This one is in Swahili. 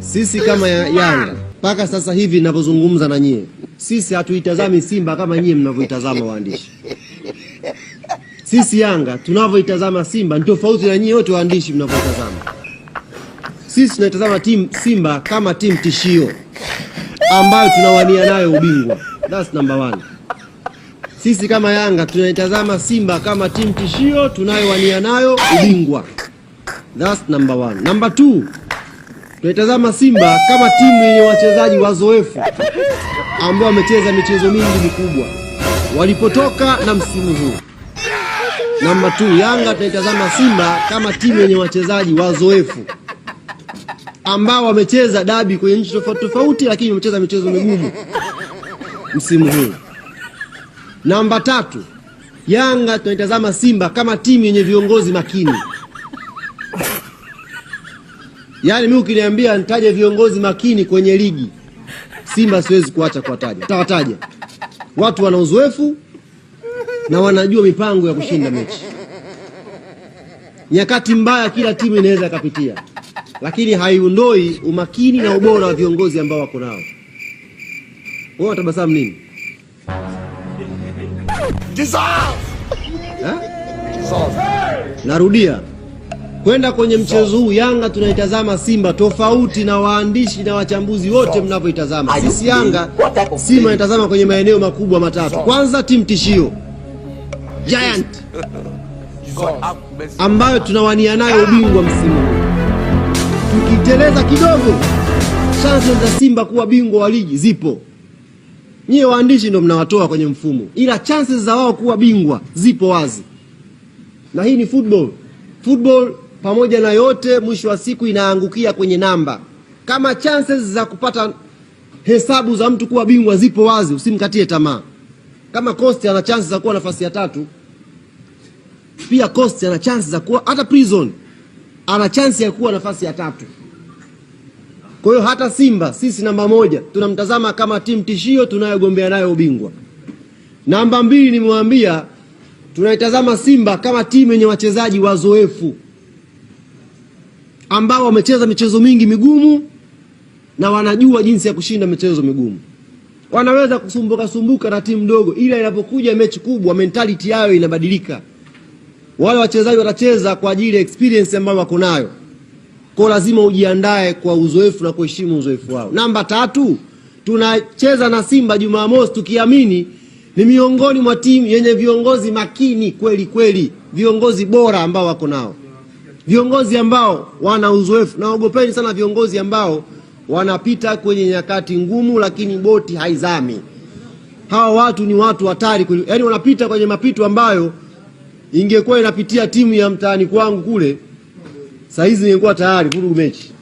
Sisi kama Yanga mpaka sasa hivi ninavyozungumza na nyie, sisi hatuitazami Simba kama nyie mnavyoitazama waandishi. Sisi Yanga tunavyoitazama Simba ni tofauti na nyie wote waandishi mnavyoitazama. Sisi tunaitazama timu Simba kama timu tishio ambayo tunawania nayo ubingwa. That's number one. Sisi kama Yanga tunaitazama Simba kama timu tishio tunayowania nayo ubingwa. That's number one. Number two, Tunaitazama Simba kama timu yenye wachezaji wazoefu ambao wamecheza michezo mingi mikubwa walipotoka na msimu huu. Namba 2, Yanga tunaitazama Simba kama timu yenye wachezaji wazoefu ambao wamecheza dabi kwenye nchi tofauti tofauti, lakini wamecheza michezo migumu msimu huu. Namba tatu, Yanga tunaitazama Simba kama timu yenye viongozi makini. Yaani mimi ukiniambia nitaje viongozi makini kwenye ligi Simba siwezi kuacha kuwataja, tawataja watu wana uzoefu na wanajua mipango ya kushinda mechi. Nyakati mbaya kila timu inaweza ikapitia, lakini haiondoi umakini na ubora wa viongozi ambao wako nao. Wao watabasamu nini? Eh? Narudia kwenda kwenye mchezo huu Yanga tunaitazama Simba tofauti na waandishi na wachambuzi wote mnavyoitazama. Sisi Yanga Simba inatazama kwenye maeneo makubwa matatu. Kwanza, timu tishio Giant ambayo tunawania nayo ubingwa msimu huu. Tukiteleza kidogo, chance za Simba kuwa bingwa wa ligi zipo. Nyie waandishi ndio mnawatoa kwenye mfumo, ila chances za wao kuwa bingwa zipo wazi, na hii ni football. Football pamoja na yote, mwisho wa siku inaangukia kwenye namba. Kama chances za kupata hesabu za mtu kuwa bingwa zipo wazi, usimkatie tamaa. Kama Costa ana chances za kuwa nafasi ya tatu, pia Costa ana chances za kuwa hata Prison ana chance ya kuwa nafasi ya tatu. Kwa hiyo hata Simba sisi namba moja tunamtazama kama timu tishio tunayogombea nayo ubingwa. Namba mbili, nimewambia tunaitazama Simba kama timu yenye wachezaji wazoefu ambao wamecheza michezo mingi migumu na wanajua jinsi ya kushinda michezo migumu. Wanaweza kusumbuka sumbuka na timu ndogo, ila inapokuja mechi kubwa mentality yao inabadilika. Wale wachezaji watacheza kwa ajili ya experience ambayo wako nayo, kwa lazima ujiandae kwa uzoefu na kuheshimu uzoefu wao. Namba tatu, tunacheza na Simba Jumamosi tukiamini ni miongoni mwa timu yenye viongozi makini kweli kweli, viongozi bora ambao wako nao viongozi ambao wana uzoefu. Naogopeni sana viongozi ambao wanapita kwenye nyakati ngumu, lakini boti haizami. Hawa watu ni watu hatari, yaani wanapita kwenye mapito ambayo ingekuwa inapitia timu ya mtaani kwangu kule, saa hizi ingekuwa tayari vurugu mechi.